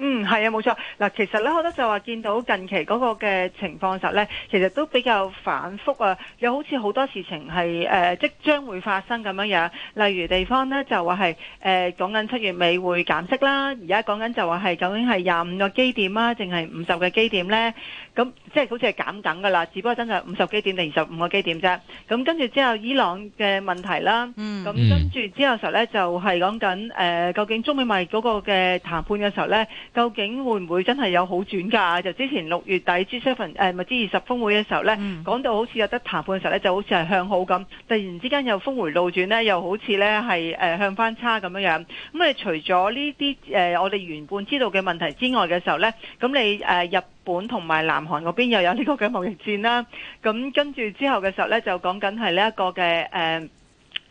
嗯，係啊，冇錯。嗱，其實咧，好多就話見到近期嗰個嘅情況時候咧，其實都比較反覆啊。又好似好多事情係、呃、即將會發生咁樣樣，例如地方咧就話係誒講緊七月尾會減息啦。而家講緊就話係究竟係廿五個基點啊，定係五十個基點咧？咁即係好似係減等㗎啦，只不過真係五十基點定二十五個基點啫。咁跟住之後，伊朗嘅問題啦，咁、嗯、跟住之後時候咧就係講緊誒究竟中美貿易嗰個嘅談判嘅時候咧？究竟會唔會真係有好轉㗎？就之前六月底 G7 份、啊、誒，唔係 G 二十峰會嘅時候呢，講、mm. 到好似有得談判嘅時候呢，就好似係向好咁，突然之間又峰回路轉呢，又好似呢係、呃、向翻差咁樣。咁你除咗呢啲誒，我哋原本知道嘅問題之外嘅時候呢，咁你誒、呃、日本同埋南韓嗰邊又有呢個嘅貿易戰啦。咁跟住之後嘅時候呢，就講緊係呢一個嘅誒。呃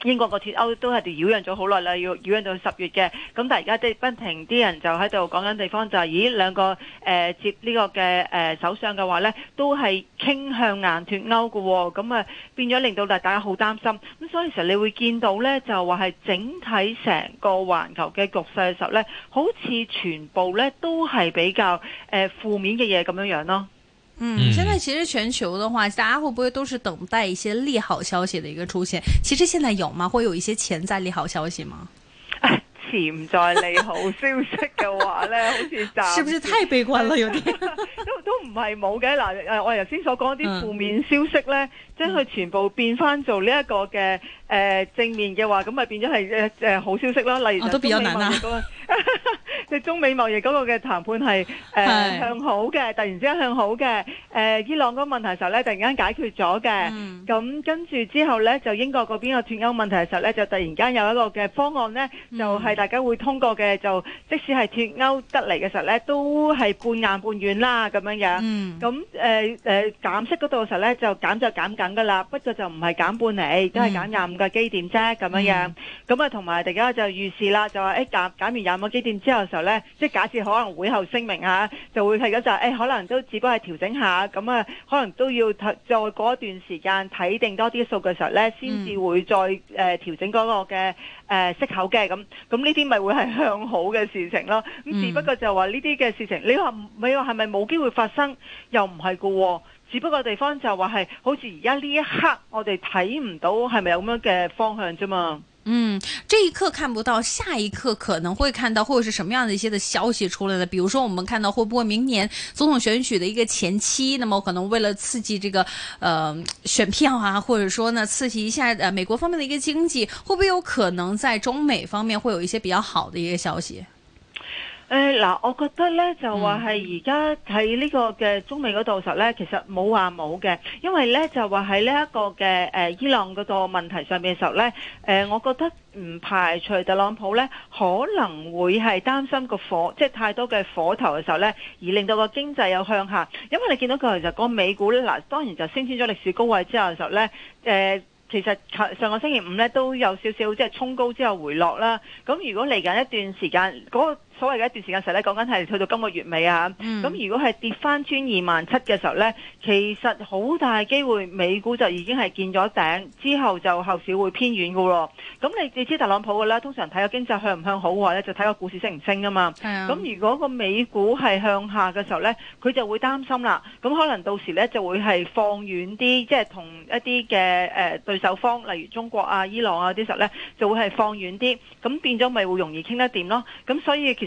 英國個脫歐都係哋擾攘咗好耐啦，要擾攘到十月嘅。咁但係而家即係不停啲人就喺度講緊地方、就是，就係咦兩個、呃、接呢個嘅誒首相嘅話呢，都係傾向硬脫歐嘅。咁啊變咗令到大家好擔心。咁所以其實你會見到呢，就話係整體成個環球嘅局勢時候呢，好似全部呢都係比較、呃、負面嘅嘢咁樣樣咯。嗯，現在其實全球的話，嗯、大家會不會都是等待一些利好消息的一個出現？其實現在有嗎？會有一些潛在利好消息嗎？潛在利好消息嘅話呢， 好似暫時，是不是太悲觀了？有啲 都都唔係冇嘅，嗱誒，我頭先所講啲負面消息呢。嗯將佢全部變翻做呢一個嘅誒正面嘅話，咁咪變咗係誒誒好消息啦。例如就中美貿易嗰個，即係中美貿易嗰個嘅談判係誒向好嘅，突然之間向好嘅。誒伊朗嗰個問題嘅時候咧，突然間解決咗嘅。咁跟住之後咧，就英國嗰邊個脱歐問題嘅時候咧，就突然間有一個嘅方案咧，就係大家會通過嘅，就即使係脱歐得嚟嘅時候咧，都係半硬半軟啦咁樣樣。咁誒誒減息嗰度嘅時候咧，就減就減減，噶啦，不過就唔係減半嚟，都係減廿五個基點啫，咁樣樣。咁啊，同埋大家就預示啦，就話誒、哎、減減完廿五個基點之後嘅時候咧，即係假設可能會後聲明嚇，就會係咁就誒，可能都只不過係調整下。咁啊，可能都要再過一段時間睇定多啲數據嘅時候咧，先至會再誒、mm. 呃、調整嗰個嘅誒、呃、息口嘅咁。咁呢啲咪會係向好嘅事情咯。咁只不過就話呢啲嘅事情，你話你話係咪冇機會發生？又唔係嘅喎。只不過地方就話係，好似而家呢一刻，我哋睇唔到係咪有咁樣嘅方向啫嘛？嗯，這一刻看不到，下一刻可能會看到，會是什麼樣的一些的消息出來呢？比如說，我們看到會不會明年總統選舉的一個前期，那麼可能為了刺激這個，呃，選票啊，或者說呢，刺激一下美國方面的一個經濟，會不會有可能在中美方面會有一些比較好的一個消息？誒，嗱、呃，我覺得咧就話係而家喺呢個嘅中美嗰度時候咧，其實冇話冇嘅，因為咧就話喺呢一個嘅誒伊朗嗰個問題上邊嘅時候咧，誒、呃，我覺得唔排除特朗普咧可能會係擔心個火，即係太多嘅火頭嘅時候咧，而令到個經濟又向下，因為你見到佢其實個美股咧，嗱，當然就升穿咗歷史高位之後嘅時候咧，誒、呃，其實上個星期五咧都有少少即係沖高之後回落啦。咁如果嚟緊一段時間嗰，嗰所謂嘅一段時間時候咧，講緊係去到今個月尾啊，咁、嗯、如果係跌翻穿二萬七嘅時候呢，其實好大機會美股就已經係見咗頂，之後就後市會偏軟噶喎。咁你至知特朗普嘅啦，通常睇個經濟向唔向好嘅話呢，就睇個股市升唔升啊嘛。咁、嗯、如果個美股係向下嘅時候呢，佢就會擔心啦。咁可能到時呢，就會係放遠啲，即係同一啲嘅誒對手方，例如中國啊、伊朗啊啲時候呢，就會係放遠啲。咁變咗咪會容易傾得掂咯。咁所以其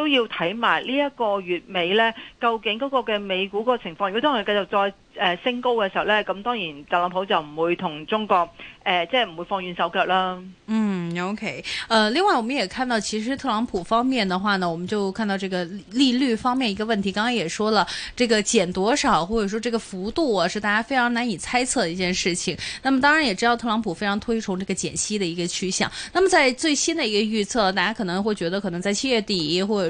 都要睇埋呢一個月尾呢，究竟嗰個嘅美股個情況，如果當佢繼續再、呃、升高嘅時候呢，咁當然特朗普就唔會同中國誒、呃，即係唔會放軟手腳啦。嗯，OK，、呃、另外我們也看到，其實特朗普方面嘅話呢，我們就看到這個利率方面一個問題。剛剛也說了，這個減多少，或者說這個幅度、啊，我是大家非常難以猜測的一件事情。那麼當然也知道特朗普非常推崇這個減息的一個趨向。那麼在最新的一個預測，大家可能會覺得可能在七月底或者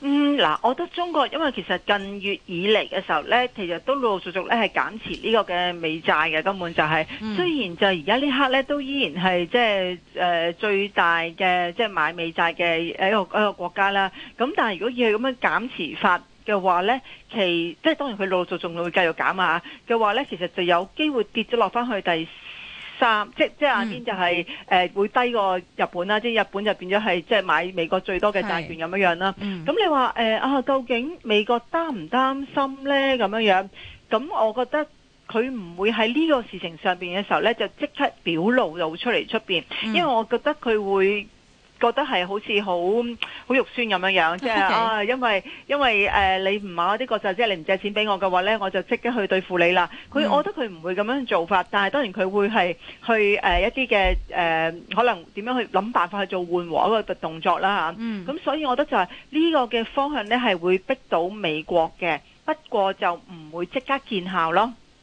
嗯，嗱，我覺得中國，因為其實近月以來嘅時候呢，其實都陸陸續續咧係減持呢個嘅美債嘅，根本就係、是嗯、雖然就係而家呢刻咧都依然係即係誒最大嘅即係買美債嘅一個，一個國家啦。咁但係如果要咁樣減持法嘅話呢，其即係當然佢陸陸續續會繼續減啊嘅話呢，其實就有機會跌咗落返去第四。三即即下邊就係、是、誒、嗯呃、會低過日本啦，即係日本就變咗係即係買美國最多嘅債券咁樣樣啦。咁、嗯、你話誒、呃、啊，究竟美國擔唔擔心咧？咁樣樣，咁我覺得佢唔會喺呢個事情上面嘅時候咧，就即刻表露到出嚟出面，嗯、因為我覺得佢會。覺得係好似好好肉酸咁樣樣，即係 Okay. 啊，因為因為誒、呃、你唔買我啲國債，即係你唔借錢俾我嘅話呢，我就即刻去對付你啦。佢，我覺得佢唔會咁樣做法，mm. 但係當然佢會係去誒、呃、一啲嘅誒，可能點樣去諗辦法去做緩和一個動作啦。咁、mm. 所以，我覺得就係呢個嘅方向呢，係會逼到美國嘅，不過就唔會即刻見效咯。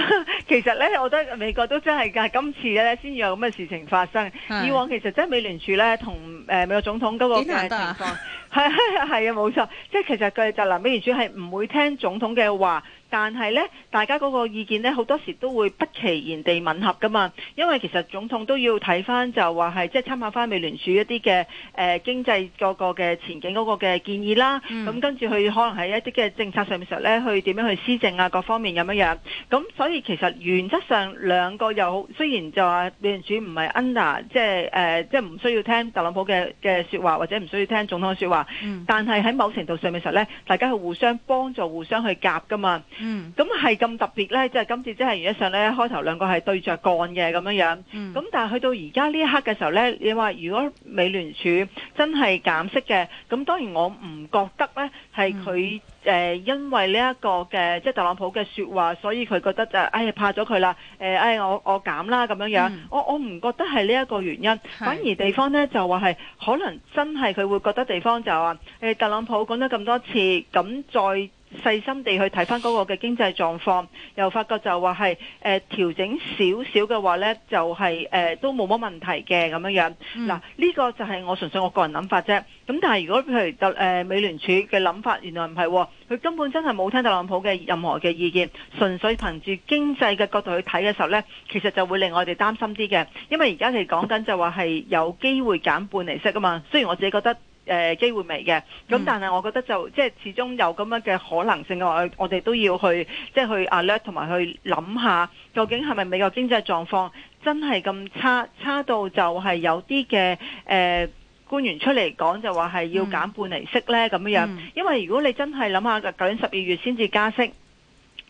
其實呢，我覺得美國都真係㗎，今次呢，先要有咁嘅事情發生。是以往其實即係美聯儲呢，同、呃、美國總統嗰個架情況，係係道啊，冇 錯。即係其實佢就嗱，美聯儲係唔會聽總統嘅話。但係呢，大家嗰個意見呢，好多時都會不期然地吻合噶嘛。因為其實總統都要睇翻就話係即係參考翻美聯儲一啲嘅誒經濟嗰個嘅前景嗰個嘅建議啦。咁、嗯、跟住佢可能喺一啲嘅政策上面時候呢去點樣去施政啊，各方面咁樣樣。咁所以其實原則上兩個又好，雖然就話美聯儲唔係 under，即係誒即係唔需要聽特朗普嘅嘅説話，或者唔需要聽總統嘅説話。嗯、但係喺某程度上面時候呢大家係互相幫助、互相去夾噶嘛。嗯，咁係咁特別呢，即、就、係、是、今次即係原因上呢，開頭兩個係對着幹嘅咁樣樣。咁、嗯、但係去到而家呢一刻嘅時候呢，你話如果美聯儲真係減息嘅，咁當然我唔覺得呢係佢誒因為呢、這、一個嘅即係特朗普嘅說話，所以佢覺得就誒、是、怕咗佢啦。誒，誒我我減啦咁樣樣、嗯。我我唔覺得係呢一個原因，是反而地方呢，就話係可能真係佢會覺得地方就話、欸、特朗普講咗咁多次，咁再。細心地去睇返嗰個嘅經濟狀況，又發覺就話係誒調整少少嘅話呢，就係、是、誒、呃、都冇乜問題嘅咁樣樣。嗱呢、嗯、這個就係我純粹我個人諗法啫。咁但係如果譬如特誒美聯儲嘅諗法原來唔係喎，佢根本真係冇聽特朗普嘅任何嘅意見，純粹憑住經濟嘅角度去睇嘅時候呢，其實就會令我哋擔心啲嘅，因為而家係講緊就話係有機會減半利息啊嘛。雖然我自己覺得。誒、嗯、機會未嘅，咁但係我覺得就即係始終有咁樣嘅可能性嘅話，我哋都要去即係、就是、去 alert 同埋去諗下，究竟係咪美國經濟狀況真係咁差，差到就係有啲嘅誒官員出嚟講就話係要減半利息呢咁樣，因為如果你真係諗下，究竟十二月先至加息。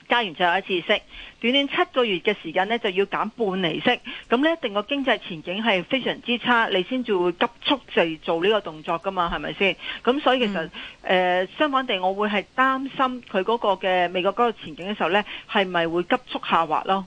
加完最後一次息，短短七個月嘅時間呢，就要減半厘息，咁呢一定個經濟前景係非常之差，你先至會急速嚟做呢個動作噶嘛，係咪先？咁所以其實誒、嗯呃，相反地，我會係擔心佢嗰個嘅美國嗰個前景嘅時候呢，係咪會急速下滑咯？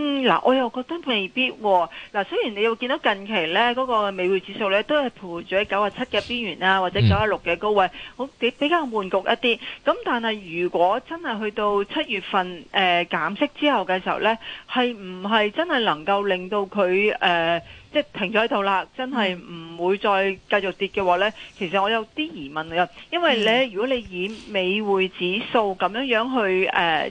嗱，我又覺得未必喎。嗱，雖然你會見到近期呢嗰、嗰個美匯指數呢，都係徘徊咗喺九啊七嘅邊緣啊，或者九啊六嘅高位，好比比較悶局一啲。咁但係如果真係去到七月份誒減、呃、息之後嘅時候呢，係唔係真係能夠令到佢誒，呃即停咗喺度啦，真係唔會再繼續跌嘅話呢。其實我有啲疑問啊，因為呢，如果你以美匯指數咁樣樣去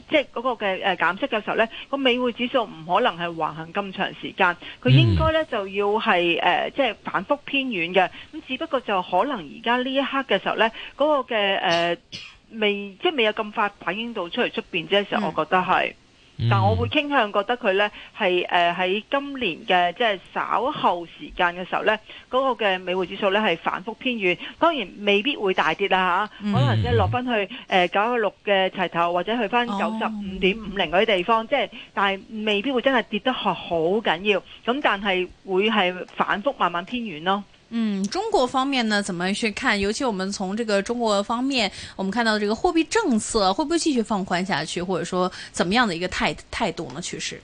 即係嗰個嘅誒減息嘅時候呢，個美匯指數唔可能係橫行咁長時間，佢應該呢就要係即係反覆偏遠嘅。咁只不過就可能而家呢一刻嘅時候呢，嗰個嘅未即係未有咁快反映到出嚟出邊，即係時候，我覺得係。但我會傾向覺得佢呢係誒喺今年嘅即係稍後時間嘅時候呢，嗰個嘅美匯指數呢係反覆偏遠，當然未必會大跌啦、吓嗯、可能即係落翻去誒九十六嘅齊頭或者去翻九十五點五零嗰啲地方，即係但係未必會真係跌得好緊要，咁但係會係反覆慢慢偏遠咯。嗯，中國方面呢，怎麼去看？尤其我們從這個中國方面，我們看到這個貨幣政策會不會繼續放寬下去，或者說怎麼樣的一個態態度呢？其實？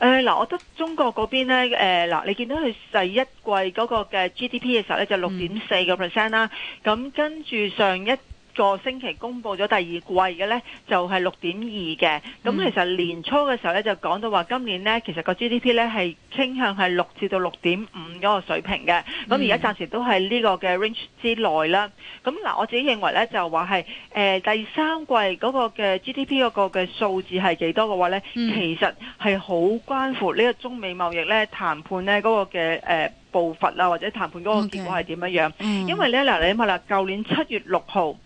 誒，嗱，我覺得中國嗰邊呢，誒，嗱，你見到佢第一季那，就是嗯、第一季嗰個嘅 GDP 嘅時候咧，就六點四個 percent 啦，咁跟住上一。個星期公布咗第二季嘅呢，就係六點二嘅。咁、嗯、其實年初嘅時候呢，就講到話今年呢，其實個 GDP 呢係傾向係六至到六點五嗰個水平嘅。咁而家暫時都係呢個嘅 range 之內啦。咁嗱，我自己認為呢，就話係誒第三季嗰個嘅 GDP 嗰個嘅數字係幾多嘅話呢，嗯、其實係好關乎呢個中美貿易呢談判呢嗰個嘅誒、呃、步伐啦，或者談判嗰個結果係點樣樣。Okay, 嗯、因為呢，嗱，你諗下啦，舊年七月六號。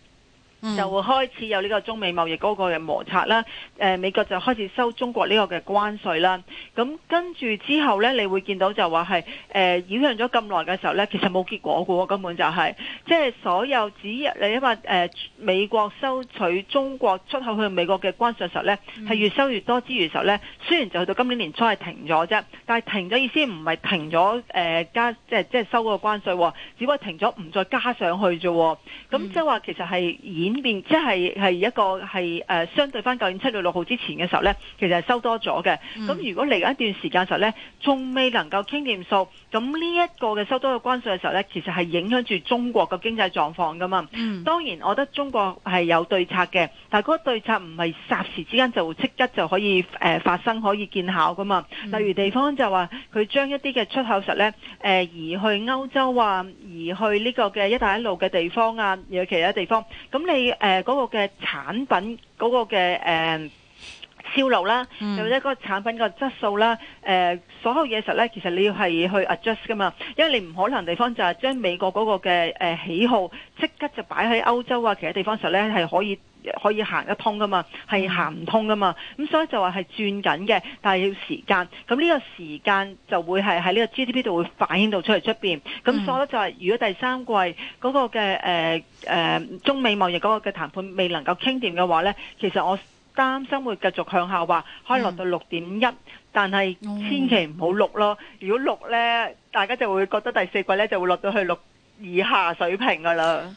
Mm. 就會開始有呢個中美貿易嗰個嘅摩擦啦、呃，美國就開始收中國呢個嘅關稅啦，咁跟住之後呢，你會見到就話係誒擾攘咗咁耐嘅時候呢，其實冇結果嘅喎，根本就係即係所有只你因為誒美國收取中國出口去美國嘅關稅時候咧，係越收越多之餘時候咧，雖然就去到今年年初係停咗啫，但係停咗意思唔係停咗誒、呃、加即係即收嗰個關稅、哦，只不過停咗唔再加上去啫、哦，咁即係話其實係演。咁即係係一個係誒、呃、相對翻舊年七月六號之前嘅時候呢，其實係收多咗嘅。咁、嗯、如果嚟一段時間嘅時候呢，仲未能夠傾掂數，咁呢一個嘅收多嘅關稅嘅時候呢，其實係影響住中國嘅經濟狀況噶嘛。嗯、當然，我覺得中國係有對策嘅，但係嗰個對策唔係霎時之間就即刻就可以誒、呃、發生可以見效噶嘛。嗯、例如地方就話佢將一啲嘅出口實呢，誒、呃、移去歐洲啊。而去呢個嘅一帶一路嘅地方啊，有其他地方，咁你誒，嗰、呃嗰個嘅產品嗰、嗰個嘅誒。呃潮流啦，又、嗯、或者嗰個產品個質素啦，誒、呃、所有嘢實咧，其實你要係去 adjust 噶嘛，因為你唔可能地方就係將美國嗰個嘅誒、呃、喜好即刻就擺喺歐洲啊，其他地方實咧係可以可以行得通噶嘛，係、嗯、行唔通噶嘛，咁所以就話係轉緊嘅，但係要時間，咁呢個時間就會係喺呢個 GDP 度會反映到出嚟出面，咁所以咧就係如果第三季嗰個嘅誒誒中美貿易嗰個嘅談判未能夠傾掂嘅話咧，其實我。擔心會繼續向下滑，可以落到六點一，但係千祈唔好六咯。嗯、如果六呢，大家就會覺得第四季呢就會落到去六以下水平㗎啦。嗯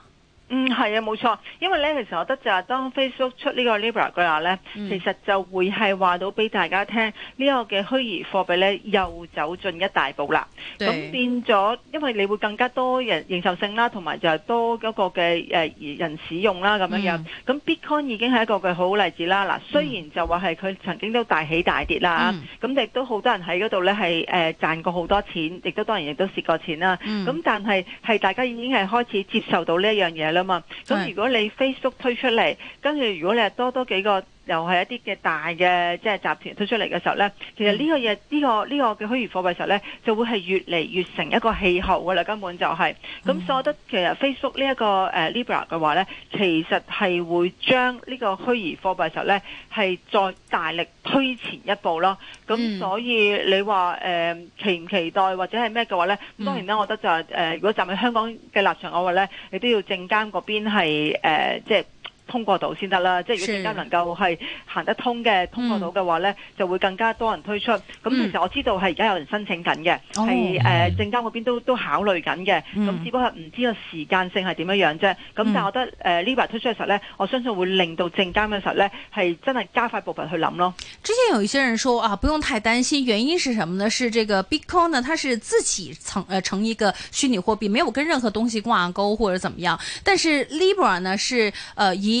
嗯，係啊，冇錯，因為咧，其實我覺得就係當 Facebook 出呢個 Libra 嘅話咧，嗯、其實就會係話到俾大家聽、這個、呢個嘅虛擬貨幣咧又走進一大步啦。咁對變咗，因為你會更加多人認受性啦，同埋就係多嗰個嘅誒、呃、人使用啦咁樣樣，咁、嗯、Bitcoin 已經係一個嘅好例子啦。嗱、嗯，雖然就話係佢曾經都大起大跌啦，咁亦、嗯、都好多人喺嗰度咧係誒賺過好多錢，亦都當然亦都蝕過錢啦。咁、嗯、但係係大家已經係開始接受到呢一樣嘢啦。咁啊，咁如果你 Facebook 推出嚟，跟住如果你係多多幾個，又係一啲嘅大嘅即係集團推出嚟嘅時候呢，其實呢個嘢呢、呢個呢、呢個嘅虛擬貨幣嘅時候呢就會係越嚟越成一個氣候噶啦，根本就係、是。咁所以我覺得其實 Facebook 呢一個 Libra 嘅話呢，其實係會將呢個虛擬貨幣嘅時候呢係再大力推前一步咯。咁所以你話誒、呃、期唔期待或者係咩嘅話呢？當當然啦，我覺得就係如果站喺香港嘅立場嘅話呢，你都要證監嗰邊係、呃、即係。通過到先得啦，即係如果證監能夠係行得通嘅是通過到嘅話咧，嗯、就會更加多人推出。咁、嗯、其實我知道係而家有人申請緊嘅，係誒、哦、證監嗰邊都都考慮緊嘅。咁、嗯、只不過唔知個時間性係點樣樣啫。咁、嗯、但係我覺得誒 Libra 推出嘅時候咧，我相信會令到證監嘅時候咧係真係加快步伐去諗咯。之前有一些人說啊，不用太擔心，原因是什麼呢？是這個 Bitcoin 呢，它是自己成、呃、成一個虛擬貨幣，沒有跟任何東西掛鈎或者怎麼樣。但是 Libra 呢，是誒、呃、以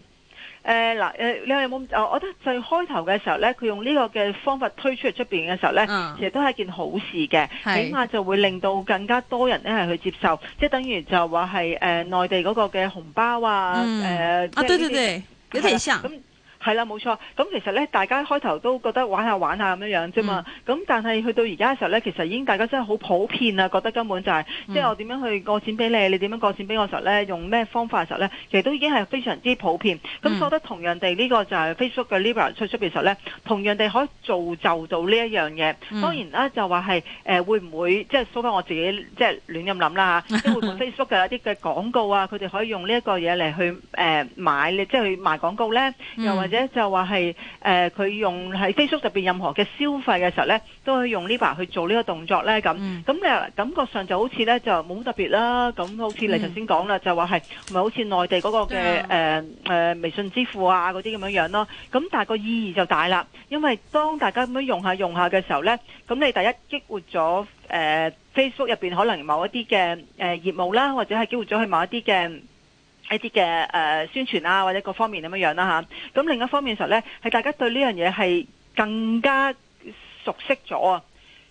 誒嗱誒，你有冇？哦，我覺得最開頭嘅時候咧，佢用呢個嘅方法推出去出邊嘅時候咧，啊、其實都係件好事嘅，是起碼就會令到更加多人咧係去接受，即係等於就話係誒內地嗰個嘅紅包啊，誒對對對，有係啦，冇錯。咁其實咧，大家開頭都覺得玩下玩下咁樣樣啫嘛。咁、嗯、但係去到而家嘅時候咧，其實已經大家真係好普遍啦，覺得根本就係、是，即係、嗯、我點樣去過錢俾你，你點樣過錢俾我嘅時候咧，用咩方法嘅時候咧，其實都已經係非常之普遍。咁所、嗯、得同樣地呢、這個就係 Facebook 嘅 Libra 推出嘅時候咧，同樣地可以造就到呢一樣嘢。嗯、當然啦、啊，就話係誒會唔會即係慧芬我自己即係、就是、亂咁諗啦嚇， 會唔會 Facebook 嘅一啲嘅廣告啊，佢哋可以用呢一個嘢嚟去誒、呃、買即係、就是、去賣廣告咧，嗯、又或或者就話係誒，佢、呃、用喺 Facebook 入邊任何嘅消費嘅時候咧，都可以用 Libra 去做呢個動作咧，咁咁咧感覺上就好似咧就冇好特別啦。咁好似你頭先講啦，嗯、就話係咪好似內地嗰個嘅誒誒微信支付啊嗰啲咁樣樣咯。咁但係個意義就大啦，因為當大家咁樣用下用下嘅時候咧，咁你第一激活咗誒、呃、Facebook 入邊可能某一啲嘅誒業務啦，或者係激活咗去某一啲嘅。一啲嘅、呃、宣傳啊，或者各方面咁樣樣啦嚇。咁另一方面時候呢，係大家對呢樣嘢係更加熟悉咗啊。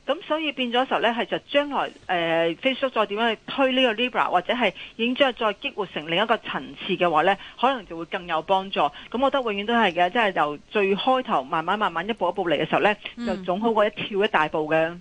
咁所以變咗時候呢，係就將來誒、呃、Facebook 再點樣去推呢個 Libra，或者係已經將來再激活成另一個層次嘅話呢，可能就會更有幫助。咁我覺得永遠都係嘅，即、就、係、是、由最開頭慢慢慢慢一步一步嚟嘅時候呢，就總好過一跳一大步嘅。嗯。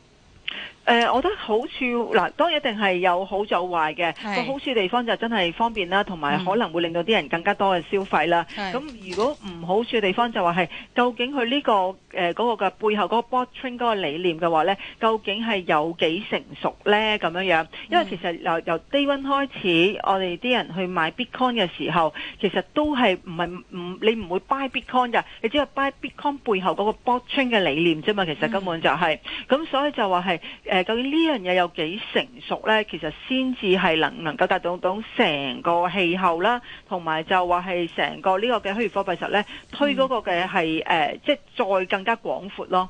誒、呃，我覺得好處嗱，當然一定係有好就有壞嘅。是好處地方就真係方便啦，同埋可能會令到啲人更加多嘅消費啦。咁是如果唔好處嘅地方就話係，究竟佢呢、這個誒嗰、呃那個嘅背後嗰個 blockchain 嗰個理念嘅話呢，究竟係有幾成熟呢？咁樣樣？因為其實由、嗯、由 Day One 開始，我哋啲人去買 Bitcoin 嘅時候，其實都係唔係唔你唔會 buy Bitcoin 嘅，你只係 buy Bitcoin 背後嗰個 blockchain 嘅理念啫嘛。其實根本就係、是、咁，嗯、所以就話係究竟呢樣嘢有幾成熟呢？其實先至係能唔能夠達到到成個氣候啦，同埋就話係成個呢個嘅虛擬貨幣實呢，推嗰個嘅係誒，即係再更加廣闊咯。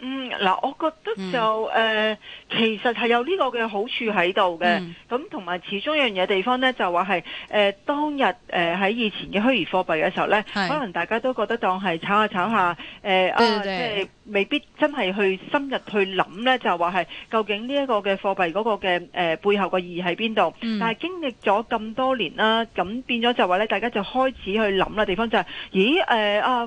嗯，嗱，我覺得就誒、嗯呃，其實係有呢個嘅好處喺度嘅，咁同埋始終一樣嘢地方咧，就話係誒當日誒喺、呃、以前嘅虛擬貨幣嘅時候咧，是可能大家都覺得當係炒下炒下，誒、呃、啊即係。就是未必真係去深入去諗呢，就話係究竟呢一個嘅貨幣嗰個嘅、呃、背後嘅意義喺邊度？嗯、但係經歷咗咁多年啦、啊，咁變咗就話呢，大家就開始去諗啦。地方就係、是，咦誒啊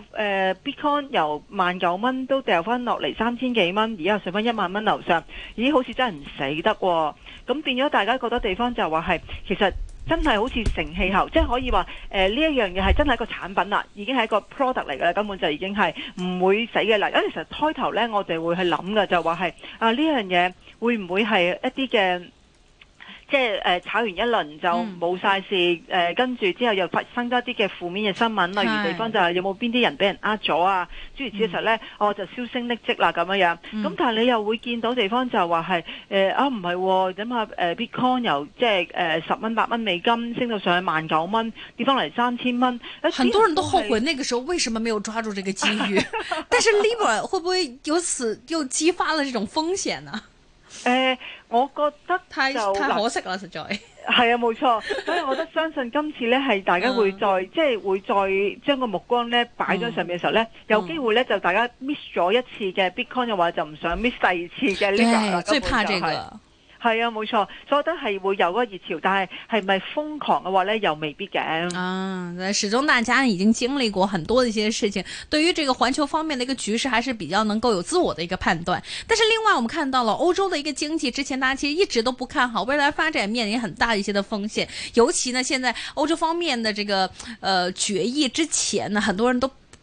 Bitcoin 由萬九蚊都掉翻落嚟三千幾蚊，而家上翻一萬蚊樓上，咦好似真係唔死得喎、哦！咁變咗大家覺得地方就話係其實。真係好似成氣候，即係可以話誒呢一樣嘢係真係一個產品啦，已經係一個 product 嚟㗎啦，根本就已經係唔會死嘅啦。咁其實開頭呢，我哋會去諗嘅就話係啊呢樣嘢會唔會係一啲嘅。即係誒、呃、炒完一輪就冇晒事誒，跟住之後又發生多啲嘅負面嘅新聞，例如、嗯、地方就係有冇邊啲人俾人呃咗啊？嗯、諸如此類咧，哦就消聲匿跡啦咁樣樣。咁、嗯、但係你又會見到地方就話話係啊唔係點啊誒 Bitcoin 由即係誒十蚊八蚊美金升到上去萬九蚊，跌翻嚟三千蚊。呃、很多人都後悔，那個時候為什麼沒有抓住這個機遇？ 但是 Libra 會不會由此又激發了這種風險呢、啊？誒、呃，我覺得就太太可惜啦，實在係 啊，冇錯，所以我覺得相信今次咧係大家會再、嗯、即係會再將個目光咧擺咗上面嘅時候咧，嗯、有機會咧就大家 miss 咗一次嘅 Bitcoin 嘅話就唔想 miss 第二次嘅呢個啦，對根本、就係所以怕這個係啊，冇錯，所以都係會有個熱潮，但係係咪瘋狂嘅話呢？又未必嘅。啊，始終大家已經經歷過很多的一些事情，對於這個環球方面的一個局勢，還是比較能夠有自我的一個判斷。但是另外，我們看到了歐洲的一個經濟，之前大家其實一直都不看好未來發展，面臨很大一些的風險。尤其呢，現在歐洲方面的這個，呃，決議之前呢，很多人都。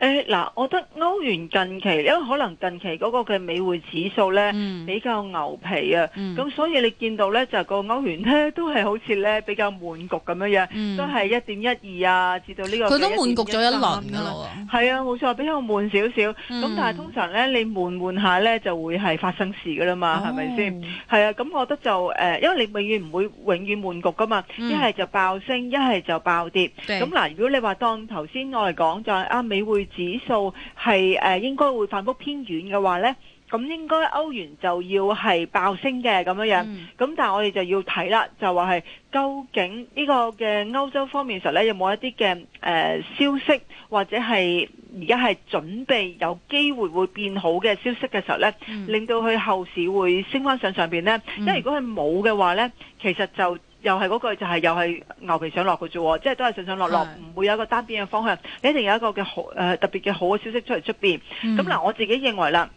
誒嗱、哎，我覺得歐元近期，因為可能近期嗰個嘅美匯指數咧、嗯、比較牛皮啊，咁、嗯、所以你見到咧就個歐元咧都係好似咧比較悶局咁樣樣，嗯、都係一點一二啊，至到呢個佢都悶局咗一輪㗎啦，係、嗯、啊冇錯，比較悶少少，咁、嗯、但係通常咧你悶悶下咧就會係發生事㗎啦嘛，係咪先？係啊，咁我覺得就誒、呃，因為你永遠唔會永遠悶局㗎嘛，一係、嗯、就爆升，一係就爆跌，咁嗱對、嗯，如果你話當頭先我哋講就係啊美匯。指數係誒，應該會反覆偏軟嘅話呢，咁應該歐元就要係爆升嘅咁樣樣，咁、嗯、但係我哋就要睇啦，就話係究竟呢個嘅歐洲方面時候呢，有冇一啲嘅誒消息或者係而家係準備有機會會變好嘅消息嘅時候呢，嗯、令到佢後市會升翻上上邊呢？嗯、因為如果佢冇嘅話呢，其實就。又係嗰句就係、是、又係牛皮上落嘅啫喎，即、就、係、是、都係上上落落，唔的會有一個單邊嘅方向，你一定有一個嘅好、呃、特別嘅好嘅消息出嚟出邊。咁嗱、嗯，我自己認為啦。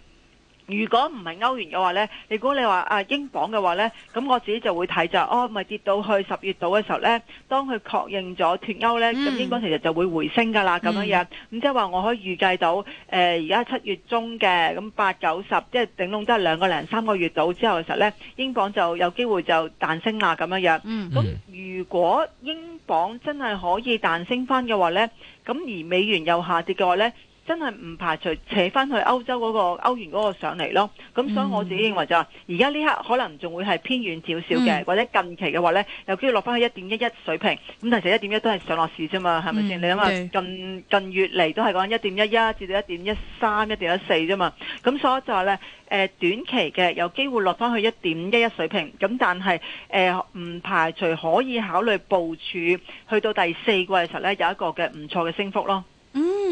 如果唔係歐元嘅話呢，如果你話啊英鎊嘅話呢，咁我自己就會睇就係、哦，咪跌到去十月度嘅時候呢，當佢確認咗脫歐呢，咁、嗯、英鎊其實就會回升噶啦，咁樣、嗯、樣。咁即係話我可以預計到，誒而家七月中嘅，咁八九十，即係頂籠都係兩個零三個月度之後嘅時候呢，英鎊就有機會就彈升啦，咁樣樣。咁、嗯、如果英鎊真係可以彈升翻嘅話呢，咁而美元又下跌嘅話呢。真係唔排除扯翻去歐洲嗰、嗰個歐元嗰個上嚟咯，咁所以我自己認為就話而家呢刻可能仲會係偏軟少少嘅，嗯、或者近期嘅話呢，有機會落翻去一點一一水平，咁但係一點一都係上落市啫嘛，係咪先？你諗下近近月嚟都係講一點一一至到一點一三、一點一四啫嘛，咁所以就話呢、呃，短期嘅有機會落翻去一點一一水平，咁但係唔、呃、排除可以考慮部署去到第四季嘅時候呢，有一個嘅唔錯嘅升幅咯。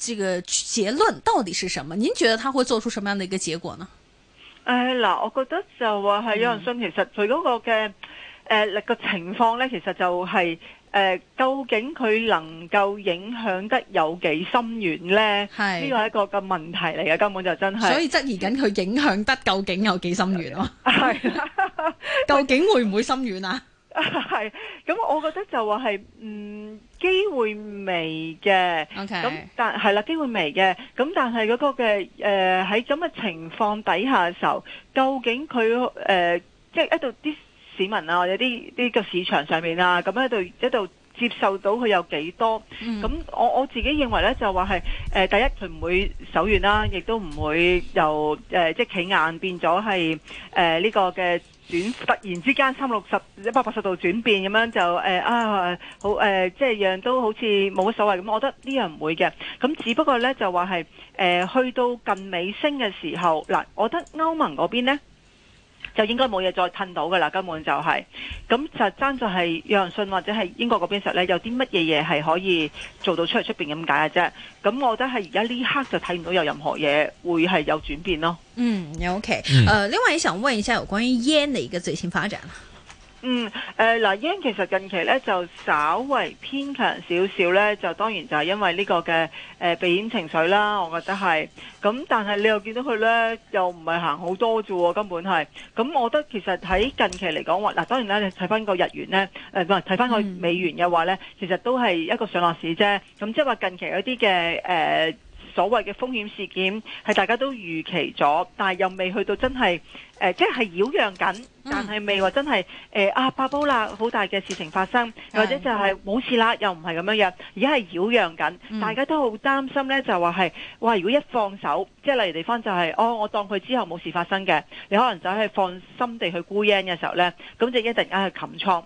這個結論到底是什麼？您覺得他會做出什麼樣的一個結果呢？誒嗱、哎，我覺得就話係有人信，其實佢嗰個嘅誒、嗯呃這個情況咧，其實就係、是、誒、呃、究竟佢能夠影響得有幾深遠咧？係呢是個係一個嘅問題嚟嘅，根本就真係。所以質疑緊佢影響得究竟有幾深遠咯、啊？係是的 究竟會唔會深遠啊？係，咁我覺得就話係，嗯，機會微嘅，咁但係啦，機會微嘅，咁但係嗰個嘅，誒喺咁嘅情況底下嘅時候，究竟佢誒，即係喺度啲市民啊，或者啲呢個市場上面啊，咁喺度喺度接受到佢有幾多？咁我我自己認為咧，就話係誒，第一佢唔會手軟啦，亦都唔會由誒即係企硬變咗係誒呢個嘅。轉，突然之間三百六十一百八十度轉變，咁樣就誒、呃、啊好誒，即、呃、係樣都好似冇乜所謂咁。我覺得呢樣唔會嘅，咁只不過呢，就話係誒去到近尾聲嘅時候嗱，我覺得歐盟嗰邊呢。就應該冇嘢再褪到噶啦，根本就係咁實爭，就係有人信，或者係英國嗰邊實咧有啲乜嘢嘢係可以做到出嚟出面咁解嘅啫，咁我覺得係而家呢刻就睇唔到有任何嘢會係有轉變咯。嗯，OK，誒、嗯，uh, 另外想問一下有關於 Yen 嘅一個最新發展。嗯，誒嗱，yen 其實近期咧就稍為偏強少少咧，就當然就係因為呢個嘅誒、呃、避險情緒啦，我覺得係。咁但係你又見到佢咧，又唔係行好多啫喎，根本係。咁我覺得其實喺近期嚟講話，嗱、呃、當然啦，你睇翻個日元咧，誒睇翻個美元嘅話咧，其實都係一個上落市啫。咁即係話近期嗰啲嘅誒。呃所謂嘅風險事件係大家都預期咗，但又未去到真係、呃、即係係擾攘緊，但係未話真係誒、呃、啊！爆煲啦，好大嘅事情發生，或者就係冇事啦，又唔係咁樣樣，而家係擾攘緊，大家都好擔心呢，就話係哇，如果一放手，即係例如地方就係、是、哦，我當佢之後冇事發生嘅，你可能就係放心地去沽 yen 嘅時候呢，咁就一陣間去擒倉。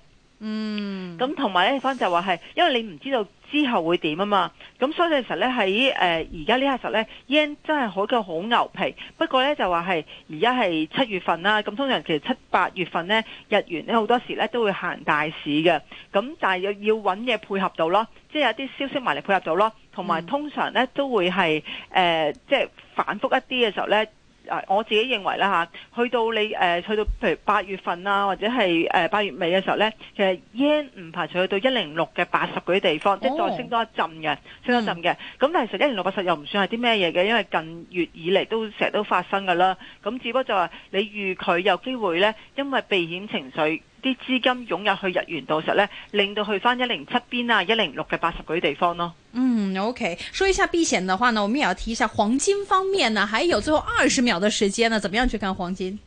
嗯，咁同埋咧，反正就話係，因為你唔知道之後會點啊嘛，咁所以其實咧喺誒而家呢一刻咧呢，日元真係好夠好牛皮。不過咧就話係而家係七月份啦，咁通常其實七八月份咧，日元咧好多時咧都會行大市嘅。咁但係要要搵嘢配合到咯，即係有啲消息埋嚟配合到咯，同埋通常咧都會係誒即係反覆一啲嘅時候咧。我自己認為啦嚇，去到你誒去到譬如八月份啊，或者係誒八月尾嘅時候咧，其實日圓唔排除去到一零六嘅八十嗰啲地方，嗯、即係再升多一陣嘅，升多一陣嘅。咁、嗯、但係其實一零六八十又唔算係啲咩嘢嘅，因為近月以嚟都成日都發生噶啦。咁只不過就話你預佢有機會咧，因為避險情緒。啲資金湧入去日元度嘅時候咧，令到去返一零七邊啊，一零六嘅八十幾個地方咯。嗯，OK，講一下避險嘅話呢，我哋要提一下黃金方面呢，還有最後二十秒嘅時間呢，點樣去看黃金？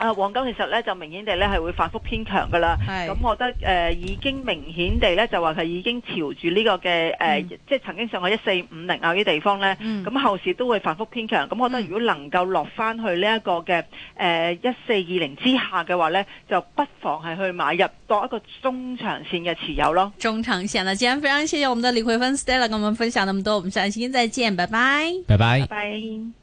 啊，黃金其實咧就明顯地咧係會反覆偏強嘅啦。咁是我覺得誒、呃、已經明顯地咧就話佢已經朝住呢個嘅誒，呃嗯、即係曾經上去一四五零啊啲地方咧。咁、嗯嗯、後市都會反覆偏強。咁我覺得如果能夠落翻去呢一個嘅誒一四二零之下嘅話咧，就不妨係去買入，多一個中長線嘅持有咯。中長線啦，今日非常謝謝我們的李慧芬 Stella 同我哋分享咁多，唔使先，再見，拜拜。拜拜。拜 bye。Bye bye